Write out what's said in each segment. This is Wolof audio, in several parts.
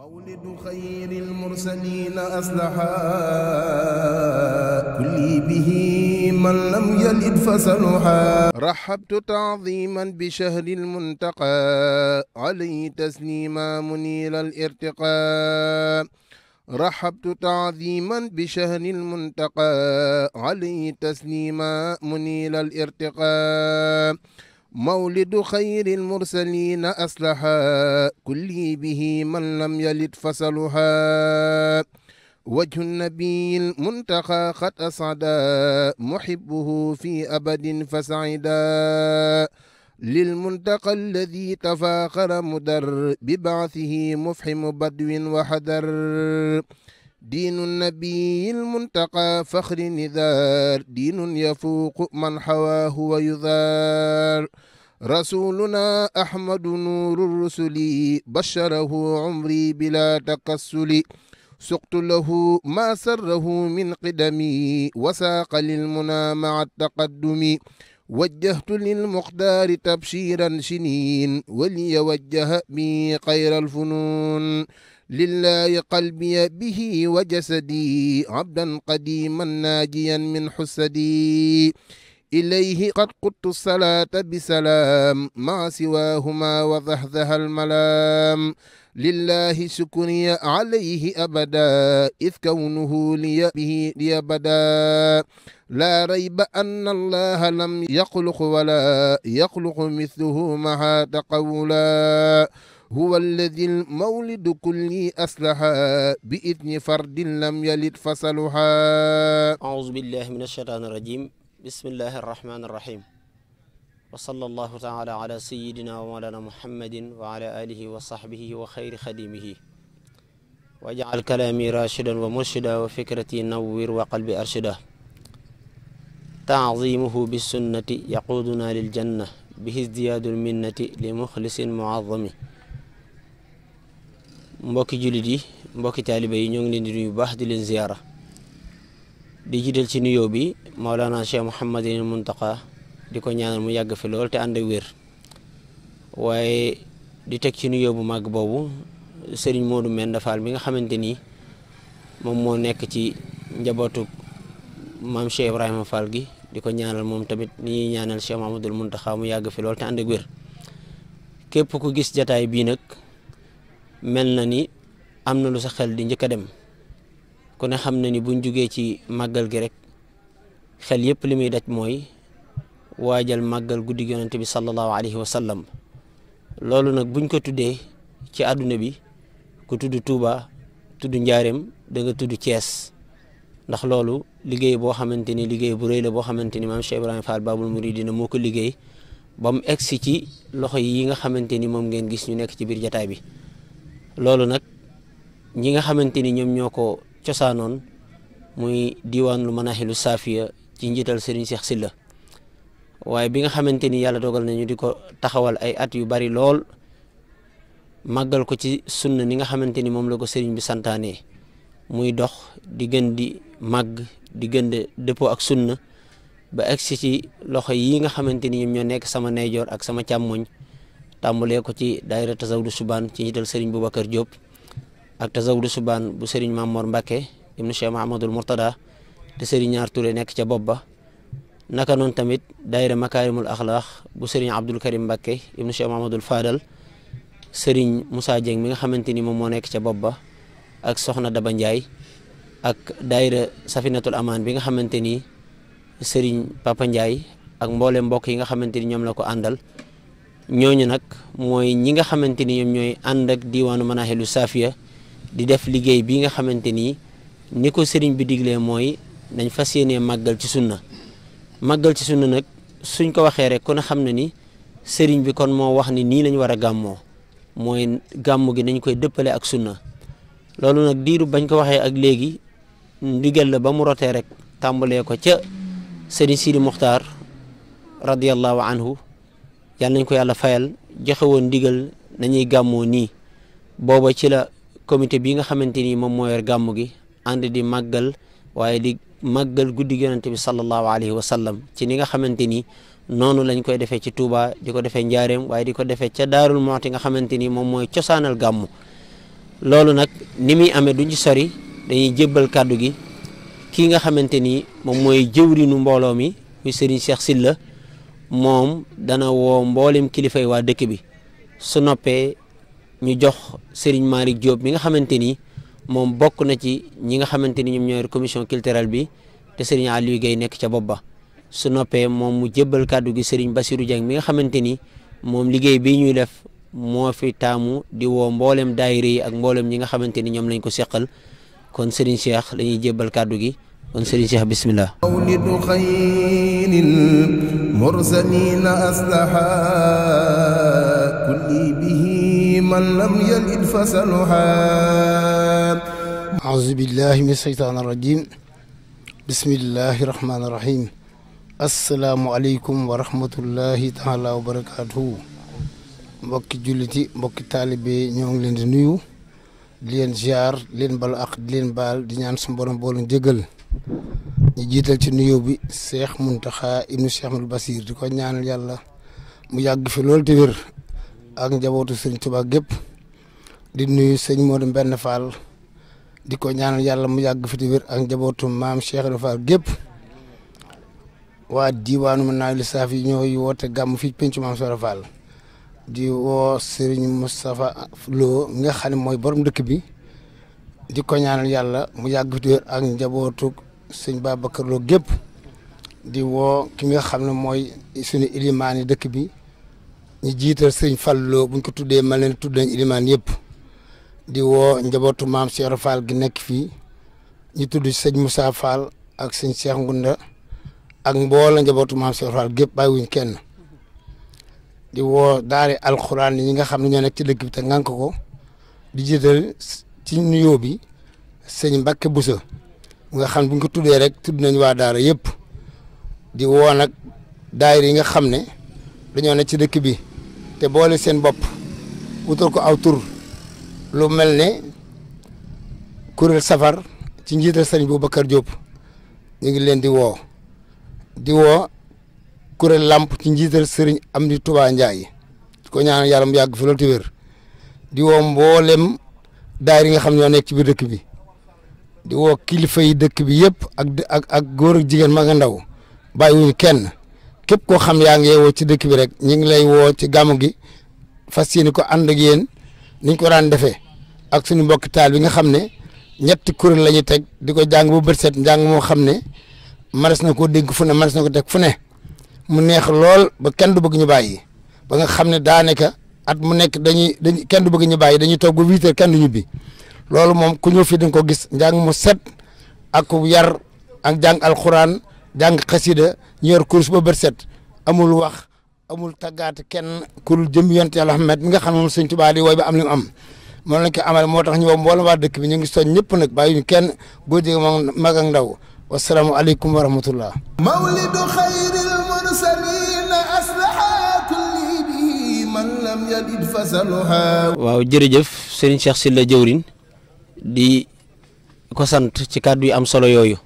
مولد خير المرسلين أصلح كلي به من لم يلد فصلحا رحبت تعظيما بشهر المنتقى عليه تسليما منيل الارتقاء رحبت تعظيما بشهر المنتقى عليه تسليما منيل الارتقاء mawlidu xayril mursaliina aslaha kulli bihi man lam yalid fasaluha wajhu nabiyil muntaxa xat asada muhibbuhu fi abadin fasaida lil muntaqa alladi tafaaxara mudar bi baathihi mufhimu badwin wa hadar diinu nabiyi lmuntaqa faxri nidaar diinun yafuuqu man xawaahu wa yudaar rasuluna ahmadu nuuru rusuli basharahu umri bila takassuli suqtu lahu maa sarrahu min qidami wasaaqa lilmuna maa taqaddumi wajjahtu lilmuqdaari tabshiran shinin waliya wajjaha bi xayra alfunun lillahi qalbiya bihi wa jasadi abdan qadiman naajiyan min xusadi ilayhi qad quttu salaata bisalaam maa siwaahumaa wa dahdaha almalaam lillahi sukuriya alayhi abada id kawnuhu liya bihi liya bada laa rayba anna allaha lam yaxluq wala yaxluqu mithluhu maha taqawula huwa alladi almawlidu kulli aslaha bi idni fardin lam yalid fasaluha auzu billahi min alsheytaani irajim bismillahi arrahmani irrahim wa salla allahu taala ala sayidina wa mawlana muhammadin wa ala alihi wa sahbihi wa xayri xadimihi wa jacal kalaami rashidan wa murshida wa fikrati nawwir wa qalbi arshida taazimuhu bisunnati yaquduna liljanna bihi izdiyaadu lminnati li muxlisin muazami mbokki jullit yi mbokki taaliba yi ñoo ngi leen di nuyu baax di leen ziyaara di jiital ci nuyoo bi Maolana Cheikh Mouhamadinil Muntaqa di ko ñaanal mu yàgg fi lool te ànd ak di teg ci nuyoo bu màgg boobu Serigne Modou Mende mi nga xamante ni moom moo nekk ci njabootu maam Cheikh Ibrahima gi di ko ñaanal moom tamit ni ñuy ñaanal Cheikh Mouhamadul Muntaqa mu yàgg fi lool te ànd ak wér ku gis jataay bii mel na ni am na lu sa xel di njëkk a dem ku ne xam na ni buñ jugee ci màggal gi rek xel yëpp li muy daj mooy waajal màggal guddi yonente bi sallallahu alayhi wa sallam loolu nag buñ ko tuddee ci àdduna bi ku tudd Touba tudd Njaareem danga tudd cees ndax loolu liggéey boo xamante ni liggéey bu rëy la boo xamante ni maam Cheikh Ibrahima Fall Babul Mouridina moo ko liggéey ba mu egsi ci loxo yi nga xamante ni moom ngeen gis ñu nekk ci biir jataay bi loolu nag ñi nga xamante ni ñoom ñoo ko cosaanoon muy diwaan lu manaxilu saafiya ci njiital Serigne si la waaye bi nga xamante ni yàlla dogal nañu di ko taxawal ay at yu bari lool màggal ko ci sunna ni nga xamante ni moom la ko sëriñ bi santaane muy dox di gën di màgg di gën di dëppoo ak sunna ba egsi ci loxo yi nga xamante ni ñoom ñoo nekk sama ndeyjoor ak sama càmmoñ tàmbalee ko ci daayira Tazawudu Subaan ci njiital Serigne Boubacar Diop ak Tazawudu Subaan bu Serigne Mamor Mbacke ibnu Cheikh Mahamadul Murtada te Serigne ñaar Touré nekk ca bopp ba naka noon tamit daayira Makaarimul Axlaax bu Serigne Abdul Karim Mbacke ibnu Cheikh Mahamadul Fadal Serigne Moussa Dieng mi nga xamante ni moom moo nekk ca bopp ba ak Soxna Daba Ndiaye ak daayira Safinatul Amaan bi nga xamante ni Serigne Papa Ndiaye ak mboolem mbokk yi nga xamante ni ñoom la ko àndal. ñooñu nag mooy ñi nga xamante ni ñoom ñooy ànd ak diwaanu Manahilu Safia di def liggéey bi nga xamante ni ni ko sëriñ bi diglee mooy nañ fas yéenee màggal ci sunna màggal ci sunna nag suñ ko waxee rek kon xam ne ni sëriñ bi kon moo wax ni nii lañ war a gàmmoo mooy gàmm gi nañ koy dëppale ak sunna loolu nag diiru bañ ko waxee ak léegi ndigal la ba mu rotee rek tàmbalee ko ca sëriñ Sidi Muxtaar radiyallahu anhu yàlla nañ ko yàlla fayal joxe woon ndigal nañuy gàmmoo nii booba ci la comité bii nga xamante ni moom moo gàmmu gi ànd di màggal waaye di màggal guddi yonente bi sallallahu alayhi wa sallam ci ni nga xamante ni noonu lañ koy defee ci Touba di ko defee Njaareem waaye di ko defee ca Daarul Muxti nga xamante ni moom mooy cosaanal gàmmu loolu nag ni muy amee duñ ci sori dañuy jébbal kàddu gi kii nga xamante ni moom mooy jëwriñu mbooloo mi muy Serigne Cheikh moom dana woo mboolem kilifay waa dëkk bi su noppee ñu jox Serigne Malick Diop mi nga xamante ni moom bokk na ci ñi nga xamante ni ñoom ñooy commission culturelle bi te Serigne Aliou Guèye nekk ca bopp ba su noppee moom mu jëbbal kàddu gi Serigne basiru Dieng mi nga xamante ni moom liggéey bii ñuy def moo fi taamu di woo mboolem daayira yi ak mboolem ñi nga xamante ni ñoom lañu ko seqal kon Serigne Cheikh la ñuy jébbal kàddu gi. kon sëriñ Cheikh bismillah mawlidu xayril mursalin aslaha kulli bihi man lam yalid fasaluha aouzu billahi min sheytaani rajim bismillahi rahmaani rahim asalaamualeykum wa rahmatullahi taala wa mbokki julliti mbokki taalibe ñoo ngi leen di nuyu di leen ziar di leen balu leen baal di ñaan suñu borom boo leen ñu jiital ci nuyoo bi Cheikh Mountakha ibnu Cheikh Amadou Bassir di ko ñaanal yàlla mu yàgg fi loolu te wér ak njabootu sëñ Tuubaa gépp di nuyu sëñ Modou Mbenn Fall di ko ñaanal yàlla mu yàgg fi te wér ak njabootu maam Cheikh Ibra Fall gépp waa diwaanu mën naa lissaaf yi ñooy woote gàmm fii pencu maam Cheikh Ibra di woo Serigne Moustapha Lo nga xam mooy borom dëkk bi. di ko ñaanal yàlla mu yàgg fi wér ak njabootu sëñ Babacar Lo gépp di woo ki nga xam ne mooy suñu ilimaani dëkk bi ñu jiital sëñ Fallou buñ ko tuddee ma leen tudd nañ ilimaan yëpp di woo njabootu maam Cheikh Fall gi nekk fii ñu tudd sëñ Moussa Fall ak sëñ Cheikh Ngunda ak mboola njabootu maam Cheikh Fall gépp bàyyiwuñ kenn di woo daare alxuraan yi ñi nga xam ne ñoo nekk ci dëkk bi te ngànk ko di jiital ci nuyoo bi sëñ Mbacke Bousso nga xam bu ñu ko tuddee rek tudd nañu waa daara yëpp di woo nag daayira yi nga xam ne dañoo ne ci dëkk bi te boole seen bopp wutal ko aw tur lu mel ne kuréel safar ci njiital sëñ Boubacar Diop ñu ngi leen di woo di woo kuréel làmp ci njiital sëriñ am di Touba Ndiaye ko ñaan yàlla mu yàgg fi loolu te wér di woo daayira yi nga xam ñoo nekk ci biir dëkk bi di woo kilifa yi dëkk bi yëpp ak ak ak góor jigéen mag a ndaw bàyyiwuñ kenn képp koo xam yaa ngi yeewoo ci dëkk bi rek ñu ngi lay woo ci gàmmu gi fas yéene ko ànd ak yéen niñ ko daan defee ak suñu mbokk taal bi nga xam ne ñetti kuréel la teg di ko jàng bu bët set njàng moo xam ne maras na koo dégg fu ne maras na ko teg fu ne mu neex lool ba kenn du bëgg ñu bàyyi ba nga xam ne daanaka at mu nekk dañuy dañuy kenn du bëgg ñu bàyyi dañuy toog ba huit kenn du ñibbi loolu moom ku ñu fii di nga ko gis njàng mu set ak yar ak jàng alxuraan jàng xasida ñu yor course ba bët set amul wax amul tàggaat kenn ku jëm yonent Yàlla Muhammad nga xam moom Sëñ Tuubaa di woy bi am li am moom lañ ko amal moo tax ñu woo mboolem waa dëkk bi ñu ngi soñ ñëpp nag bàyyi ñu kenn góor jigéen moom mag ak ndaw wasalaamu aleykum wa rahmatullah mawlidu waaw jërëjëf sëriñ Cheikh Sylla jëwrin di ko sant ci kàddu yu am solo yooyu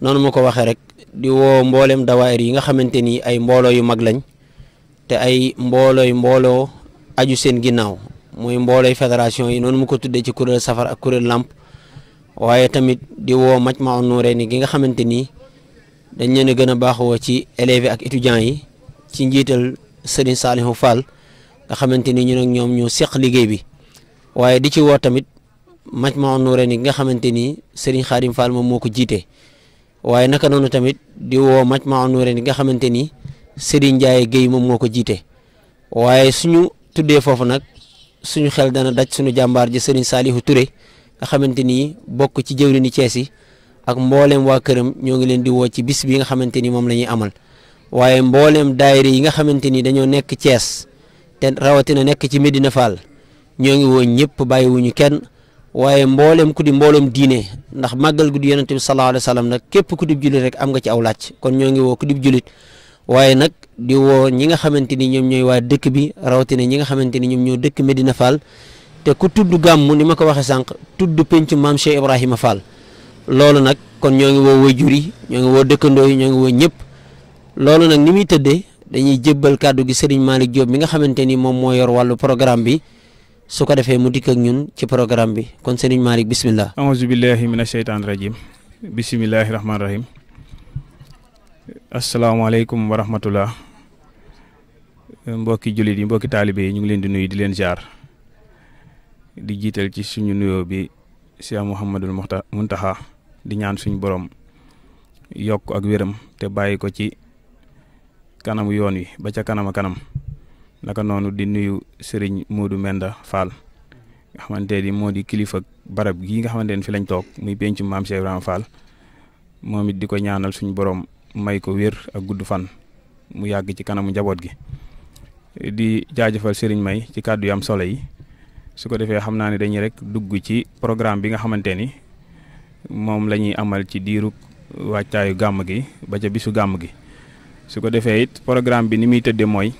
noonu ma ko waxee rek di woo mbooleem dawaayir yi nga xamante ni ay mbooloo yu mag lañ te ay mboolooy mbooloo aju seen ginnaaw mooy mboolooy fédération yi noonu mu ko tuddee ci kuréel safar ak kuréel làmp waaye tamit di woo Majmahun Nurayni ki nga xamante ni dañ leen a gën a baaxoo ci élèves ak étudiants yi ci njiital Serigne Salihu Fall nga xamante ni ñun ak ñoom ñu seq liggéey bi waaye di ci woo tamit ma Majmahun Nurayni nga xamante ni Serigne Khadim Fall moom moo ko jiite. waaye naka noonu tamit di woo ma Majmahun Nurayni nga xamante ni Serigne Ndiaye Guèye moom moo ko jiite waaye suñu tuddee foofu nag suñu xel dana daj suñu jàmbaar ji Serigne Salihu Touré nga xamante ni bokk ci jëwriñu Cees yi ak mboolem waa këram ñoo ngi leen di woo ci biss bi nga xamante ni moom la ñuy amal waaye ni dañoo nekk Cees te rawatina nekk ci Medina Fall ñoo ngi woo ñëpp bàyyiwuñu kenn waaye mboolem ku di mboolem diine ndax màggal gu di yonent bi sallallahu alayhi wa sallam nag képp ku di jullit rek am nga ci aw laaj kon ñoo ngi woo ku di jullit waaye nag di woo ñi nga xamante ni ñoom ñooy waa dëkk bi rawatina ñi nga xamante ni ñoom ñoo dëkk Medina Fall te ku tudd gàmmu ni ma ko waxee sànq tudd pencu maam Cheikh Ibrahima Fall loolu nag kon ñoo ngi woo waajur yi ñoo ngi woo dëkkandoo yi ñoo ngi woo ñëpp loolu nag ni muy tëddee. dañuy jëbbal kàddu gi Serigne Malick Diop mi nga xamante ni moom moo yor wàllu programme bi su ko defee mu dikk ak ñun ci programme bi kon Serigne Malick bisimilah. aouzu billahi mina shaytaani rajim bisimilahi rahmaani rahim asalaamaaleykum wa rahmatullah mbokki jullit yi mbokki taalibe ñu ngi leen di nuyu di leen jaar di jiital ci suñu nuyoo bi Cheikh Mouhamadul Mountakha di ñaan suñu borom yokk ak wéram te bàyyi ko ci. kanamu yoon wi ba ca kanam kanam naka noonu di nuyu Serigne Modou Menda Fall nga xamante ni moo di kilifa barab gii nga xamante ne fi lañ toog muy penc maam Cheikh Ibrahima moom it di ko ñaanal suñu borom may ko wér ak gudd fan mu yàgg ci kanamu njaboot gi. di jaajëfal sëriñ May ci kàddu yi am solo yi su ko defee xam naa ne dañuy rek dugg ci programme bi nga xamante ni moom la amal ci diiru wàccaayu gàmm gi ba ca bisu gàmm gi. su ko defee it programme bi ni muy tëddee mooy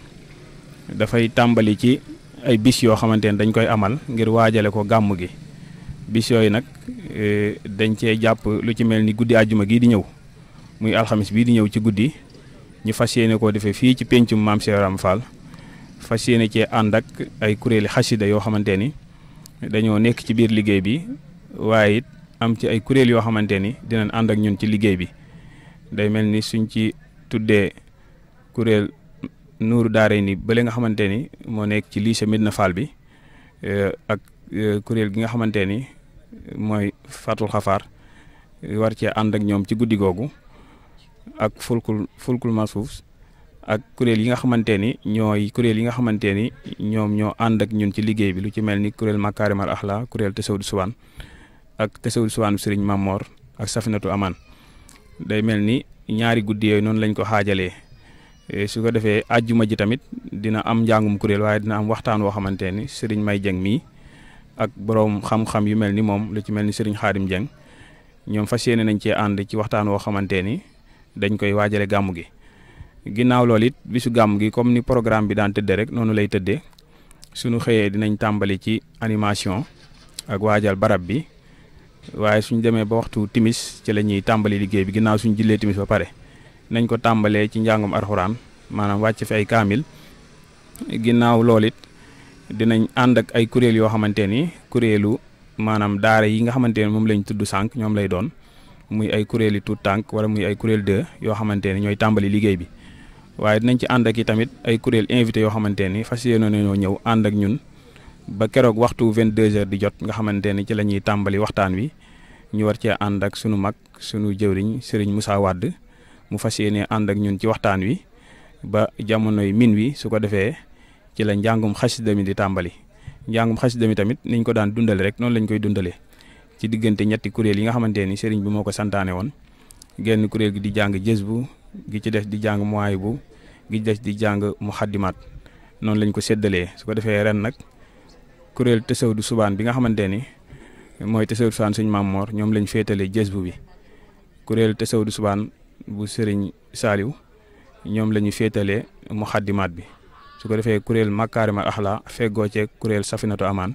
dafay tàmbali ci ay bis yoo xamante ne dañ koy amal ngir waajale ko gàmm gi bis yooyu nag e, dañ cee jàpp lu ci mel ni guddi àjjuma gii di ñëw muy alxamis bii di ñëw ci guddi ñu fas yéene koo defee fii ci péncum maam Cheikh Ibra fas yéene cee ànd ak ay kuréeli xasida yoo xamante ni dañoo nekk ci biir liggéey bi waaye it am ci ay kuréel yoo xamante ni dinañ ànd ak ñun ci liggéey bi day mel ni suñ ci tuddee kuréel nuuru daare ni bële nga xamante ni moo nekk ci lycée Medina Fall bi eh, ak eh, kuréel gi nga xamante ni mooy Fatul Xafaar eh, war cee ànd ak ñoom ci guddi googu ak fulkul fulkul masuuf ak kuréel yi nga xamante ni ñooy kuréel yi nga xamante ni ñoom ñoo ànd ak ñun ci liggéey bi lu ci mel ni kuréel Makarimal Axla kuréel Tasawudu Suwaan ak Tasawudu Suwaan Sëriñ Mamor ak Safinatu Aman day mel ni ñaari guddi yooyu noonu lañ ko xaajalee eh, su ko defee àjjuma ji tamit dina am njàngum kuréel waaye dina am waxtaan woo xamante ni sëriñ May Jeng mii ak boroom xam-xam yu mel ni moom lu ci mel ni sëriñ Xaadim Jeng ñoom fas yéene nañ cee ànd ci waxtaan woo xamante ni dañ koy waajale gàmm gi ginnaaw loolu it bisu gàmm gi comme ni programme bi daan tëddee rek noonu lay tëddee sunu xëyee dinañ tàmbali ci animation ak waajal barab bi. waaye suñ demee ba waxtu timis ci la ñuy tàmbali liggéey bi ginnaaw suñu jullee timis ba pare nañ ko tàmbalee ci njàngum arxuraan maanaam wàcc fi ay kaamil ginnaaw loolu it dinañ ànd ak ay kuréel yoo xamante ni kuréelu maanaam daara yi nga xamante ne moom lañ tudd sànq ñoom lay doon muy ay kuréel yi tuut tànk wala muy ay kuréel deux yoo xamante ne ñooy tàmbali liggéey bi waaye dinañ ci ànd ak yi tamit ay kuréel invité yoo xamante ni fas yéene nañoo ñëw ànd ak ñun ba keroog waxtu 22h di jot nga xamante ni ci la ñuy tàmbali waxtaan wi ñu war cee ànd ak sunu mag sunu jëwriñ sëriñ Moussa wàdd mu fas ne ànd ak ñun ci waxtaan wi ba jamonoy min wi su ko defee ci la njàngum xasida mi di tàmbali njàngum xasida mi tamit niñ ko daan dundale rek noonu lañ koy dundalee ci diggante ñetti kuréel yi nga xamante ni sëriñ bi moo ko santaane woon genn kuréel gi di jàng jës bu gi ci des di jàng muwaay bu gi des di jàng muxaddimaat noonu lañ ko séddalee su ko defee ren nag kuréel Tësëwdu Subaan bi nga xamante ni mooy Tësëwdu Subaan suñ maam Moor ñoom lañ féetale jës bu bi kuréel Tësëwdu Subaan bu sëriñ Saaliw ñoom la ñu féetalee muxaddimaat bi su ko defee kuréel Makaarimal Axlaa feggoo ceeg kuréel Safinatu Amaan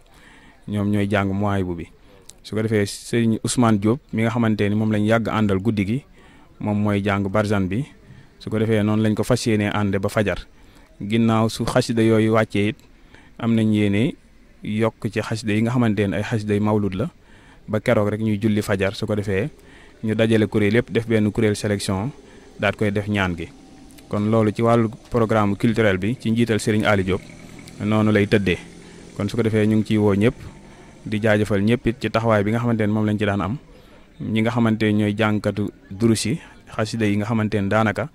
ñoom ñooy jàng mooy bi su ko defee sëriñ Ousmane Diop mi nga xamante ni moom lañ yàgg àndal guddi gi moom mooy jàng barzan bi su ko defee noonu lañ ko fas yéenee ànd ba fajar ginnaaw su xasida yooyu wàccee it am nañ yéene yokk ci xasida yi nga xamante ne ay xasida yu mawlud la ba keroog rek ñuy julli fajar su ko defee ñu dajale kuréel yëpp def benn kuréel sélection daat koy def ñaan gi kon loolu ci wàllu programme culturel bi ci njiital Serigne Ali Diop noonu lay tëddee kon su ko defee ñu ngi ciy woo ñëpp di jaajëfal ñëpp it ci taxawaay bi nga xamante ne moom lañ ci daan am ñi nga xamante ne ñooy jànkatu durus yi xasida yi nga xamante ne daanaka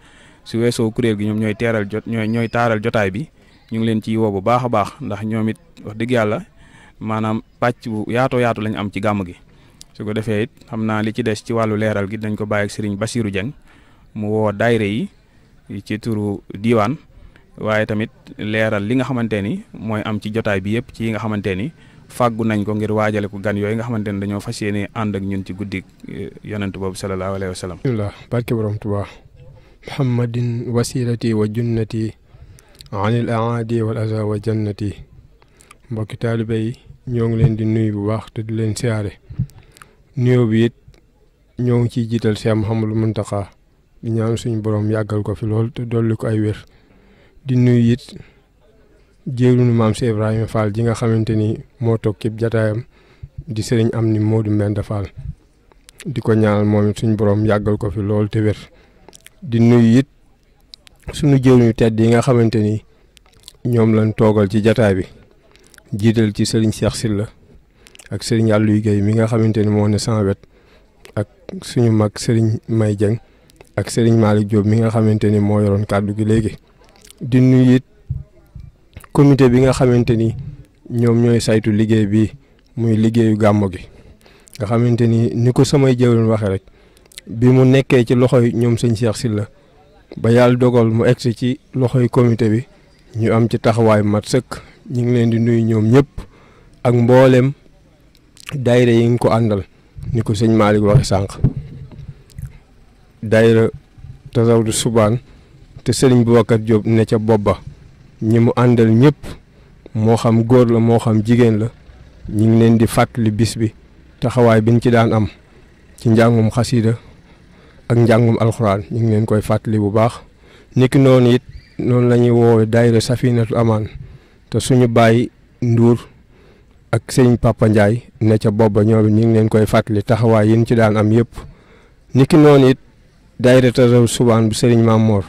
su weesoo kuréel gi ñoom ñooy teeral jot ñooy ñooy taaral jotaay bi ñu ngi leen ciy woo bu baax a baax ndax ñoom it wax dëgg yàlla maanaam pàcc bu yaatoo yaatu lañ am ci gàmm gi su ko defee it xam naa li ci des ci wàllu leeral gi dañ ko bàyyi ak Serigne Bassirou mu woo daayira yi ci turu diwaan waaye tamit leeral li nga xamante ni mooy am ci jotaay bi yëpp ci yi nga xamante ni fàggu nañ ko ngir waajale ko gan yooyu nga xamante ni dañoo fas yéene ànd ak ñun ci guddi yonent boobu sallallahu alayhi wa sallam. muhammadin anil aadi wal aza wa jannati mbokki taalibe yi ñoo ngi leen di nuyu bu baax te di leen siyaare nuyoo bi yit ñoo ngi ciy jiital Cheikh Mouhamadou Mountakha di ñaan suñu boroom yàggal ko fi lool te dolli ko ay wér di nuyu yit jéeglu nu maam ji nga xamante ni moo toog jataayam di sëriñ am ni Modou di ko ñaanal moom suñu borom yàggal ko fi lool te wér nuyu it suñu jëwriñu tedd yi nga xamante ni ñoom lañ toogal ci jataay bi jiital ci sëriñ Cheikh Sylla ak sëriñ Aliou Guèye mi nga xamante ni moo ne sama wet ak suñu mag sëriñ May Dieng ak sëriñ Malick Diop mi nga xamante ni moo yoroon kàddu gi léegi di nuyu it comité bi nga xamante ni ñoom ñooy saytu liggéey bi muy liggéeyu gàmmu gi nga xamante ni ni ko samay jëwriñ waxee rek bi mu nekkee ci loxoy ñoom sëñ Cheikh Sylla ba yàlla dogal mu egsi ci loxoy comité bi ñu am ci taxawaay mat sëkk ñu ngi leen di nuyu ñoom ñëpp ak mbooleem dayre yi nga ko àndal ni ko sëñ Malick waxe sànq daayira Tazawudu Subaan te sëriñ Boubacar Diop ne ca bopp ba ñi mu àndal ñëpp moo xam góor la moo xam jigéen la ñu ngi leen di fàttali bis bi taxawaay biñ ci daan am ci njàngum xasida ak njàngum alxuraan ñu ngi leen koy fàttali bu baax niki noonu it noonu la ñuy woowee daayira safinatu amaan te suñu baay nduur ak sëñ Papa ne ca booba ñoom ñu ngi leen koy fàttali taxawaay yi ci daan am yëpp niki noonu it daayira Tazawudu Subaan bu sëriñ Mamor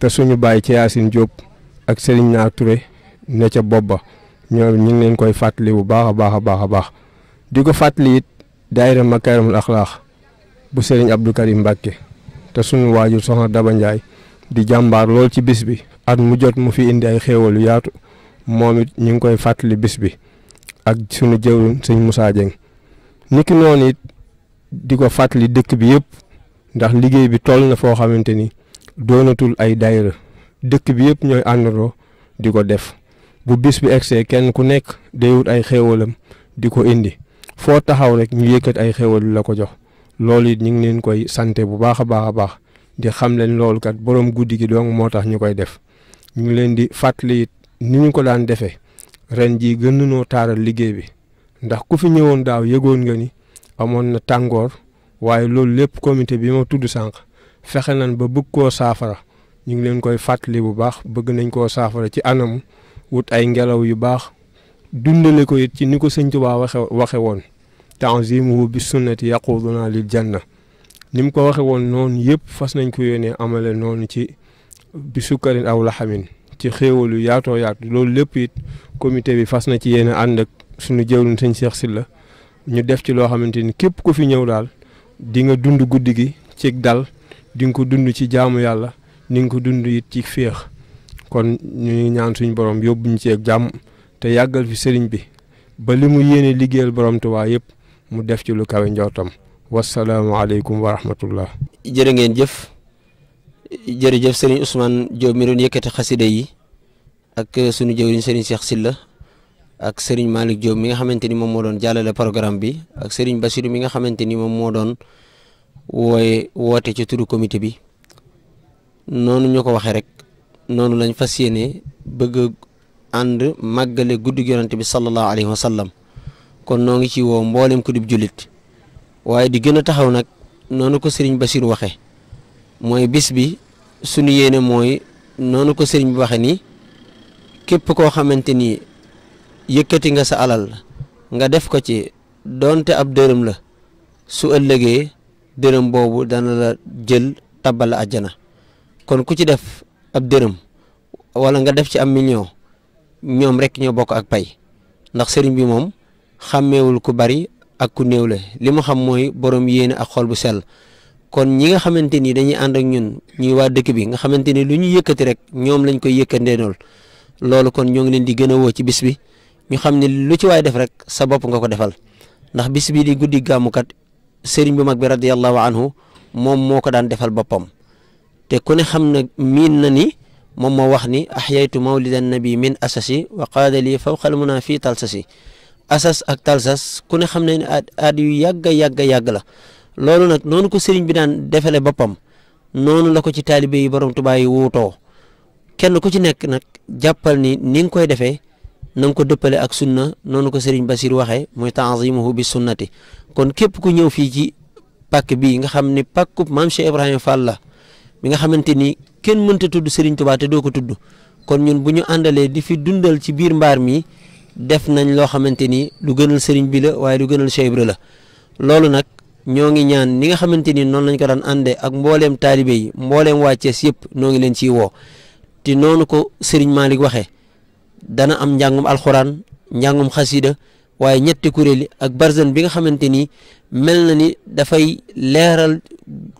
te suñu baay ci Yaasin Diop ak sëriñ Naar Touré ne ca booba ñoom ñu ngi leen koy fàttali bu baax a baax a baax a baax di ko fàttali it daayira Makaarimul bu Serigne Abdou Karim Mbacke te sunu waajur soxna Daba Ndiaye di jàmbaar lool ci bis bi at mu jot mu fi indi ay xéewal yaatu moom it ñu ngi koy fàttali bis bi ak sunu jëwriñ sëñ Moussa Dieng niki noonu it di ko fàttali dëkk bi yëpp ndax liggéey bi toll na foo xamante ni doonatul ay daayira dëkk bi yëpp ñooy àndandoo di ko def bu bis bi egsee kenn ku nekk day wut ay xewalam di ko indi foo taxaw rek ñu yëkkat ay xéewal la ko jox loolu it ñu ngi leen koy sante bu baax a baax a baax di xam leen loolukat boroom guddi gi donc moo tax ñu koy def ñu ngi leen di fàttali it ni ñu ko daan defee ren jii gën nañoo taaral liggéey bi ndax ku fi ñëwoon daaw yëgoon nga ni amoon na tàngoor waaye loolu lépp komité bi ma tudd sànq fexe nañ ba bëgg koo saafara ñu ngi leen koy fàttali bu baax bëgg nañ koo saafara ci anam wut ay ngelaw yu baax dundale ko it ci ni ko sënt waa waxe waxe woon. temps tanzimuhu bi sunnati yaquduna lil janna ni mu ko waxee woon noonu yëpp fas nañ ko yéenee amale noonu ci bi sukkarin aw laxamin ci xéewalu yaatoo yaat loolu lépp it comité bi fas na ci yéen a ànd ak suñu jëwlin sëñ si la ñu def ci loo xamante ni képp ku fi ñëw daal di nga dund guddi gi ci dal di nga ko dund ci jaamu yàlla ni nga ko dund it ci féex kon ñu ngi ñaan suñu borom yóbbuñu ci ak jàmm te yàggal fi sëriñ bi ba li mu yéene liggéeyal borom yëpp mu def ci lu kawe njortam wasalaamaaleykum wa rahmatullah. jërë ngeen jëf jërëjëf sëriñ Ousmane Diop mi doon yëkkati xasida yi ak sunu jëwriñ sëriñ Cheikh Silla ak sëriñ Malick Diop mi nga xamante ni moom moo doon jàllale programme bi ak sëriñ Bassirou mi nga xamante ni moom moo doon wooye woote ci turu comité bi noonu ñu ko waxee rek noonu lañ fas yéene bëgg ànd màggale guddi yonante bi sallallahu alayhi wa sallam kon noo ngi ci woo mboolem ku dib jullit waaye di gën a taxaw nag noonu ko sëriñ Bachir waxe mooy bis bi sunu yéene mooy noonu ko sëriñ bi waxe ni képp koo xamante ni yëkkati nga sa alal nga def ko ci doonte ab dërëm la su ëllëgee dërëm boobu dana la jël tabale la àjjana kon ku ci def ab dërëm wala nga def ci am million ñoom rekk ñoo bokk ak pay ndax sëriñ bi moom xàmmeewul ku bari ak ku néew la li mu xam mooy borom yéene ak xol bu sell kon ñi nga xamante ni dañuy ànd ñun ñuy waa dëkk bi nga xamante ni lu ñu yëkkati rek ñoom lañ koy yëkkandeenool loolu kon ñoo ngi leen di gën a woo ci bis bi ñu xam ne lu ci waay def rek sa bopp nga ko defal ndax bis bii di guddi gàmmukat sëriñ bu mag bi radiyallahu anhu moom moo ko daan defal boppam te ku ne xam na miin na ni moom moo wax ni ahyaytu mawlidan nabi min asasi wa qaada lii fawqal munaa fii talsasi asas ak talsas ku ne xam ne ne aad yu yàgg a yàgg yàgg la loolu nag noonu ko sëriñ bi daan defale boppam noonu la ko ci taalibe yi borom Tuubaa yi wuutoo kenn ku ci nekk nag jàppal ni ni nga koy defee na nga ko dëppale ak sunna noonu ko sëriñ Basir waxee mooy tanzimuhu bi sunnati kon képp ku ñëw fii ci pàkk bii nga xam ne pàkkub maam Cheikh Ibrahima Fall la mi nga xamante ni kenn mënta tudd sëriñ Tuubaa te doo ko tudd kon ñun bu ñu àndalee di fi dundal ci biir mbaar mi def nañ loo xamante ni lu gënal sëriñ bi la waaye lu gënal Cheikh Ibra la loolu nag ñoo ngi ñaan ni nga xamante ni noonu lañ ko daan àndee ak mbooleem taalibe yi mbooleem waa Cees yëpp noo ngi leen ciy woo te noonu ko sëriñ Malick waxee dana am njàngum alxuraan njàngum xasida waaye ñetti kuréel yi ak barzan bi nga xamante ni mel na ni dafay leeral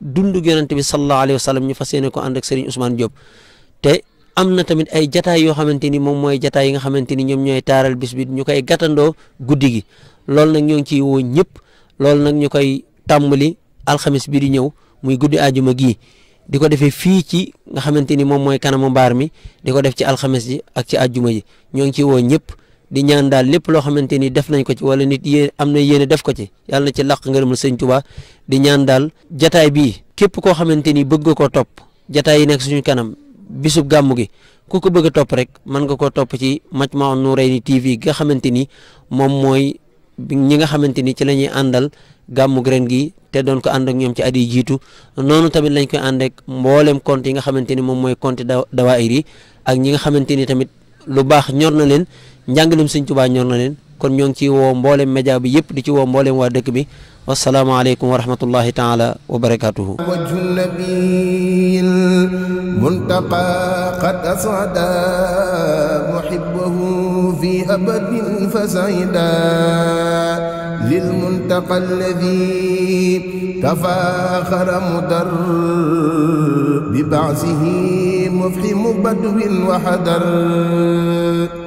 dundu yonent bi sallallahu alayhi wa ñu fas yéene ko ànd ak sëriñ Ousmane Diop te am na tamit ay jataay yoo xamante ni moom mooy jataay yi nga xamante ni ñoom ñooy taaral bis bi ñu koy gàttandoo guddi gi loolu nag ñoo ngi ciy woo ñëpp loolu nag ñu koy tàmbali alxamis bi di ñëw muy guddi ajuma gi di ko defee fii ci nga xamante ni moom mooy kanamu mbaar mi di ko def ci alxamis ji ak ci ajuma ji ñoo ngi ciy woo ñëpp di ñaan daal lépp loo xamante ni def nañ ko ci wala nit yéen am na yéene def ko ci yàlla na ci làq ngërëmul sëñ Tuubaa di ñaan daal jataay bii képp koo xamante ni bëgg ko topp jataay bisub gàmmu gi ku ko bëgg a topp rek mën nga koo topp ci Majmahun Nurayni TV gi nga xamante ni moom mooy ñi nga xamante ni ci la ñuy àndal gàmmu ren gi te doon ko ànd ak ñoom ci at jiitu noonu tamit lañ koy ànd mboolem compte yi nga xamante ni moom mooy compte dawaayir yi ak ñi nga xamante ni tamit lu baax ñor na leen njàngalum Sëñ Tuubaa ñor na leen. kon ñoo ngi ci woo mboolem média bi yëpp di ci woo mboolem waa dëkk bi wasalaamaaleykum wa rahmatullahi taala wa barakaatuhu wajhu nabil muntaqa qad asada muhibbahu fi abadin fasaida lil muntaqa alladi tafaxara mudar bi baasihi mufhimu badwin wa hadar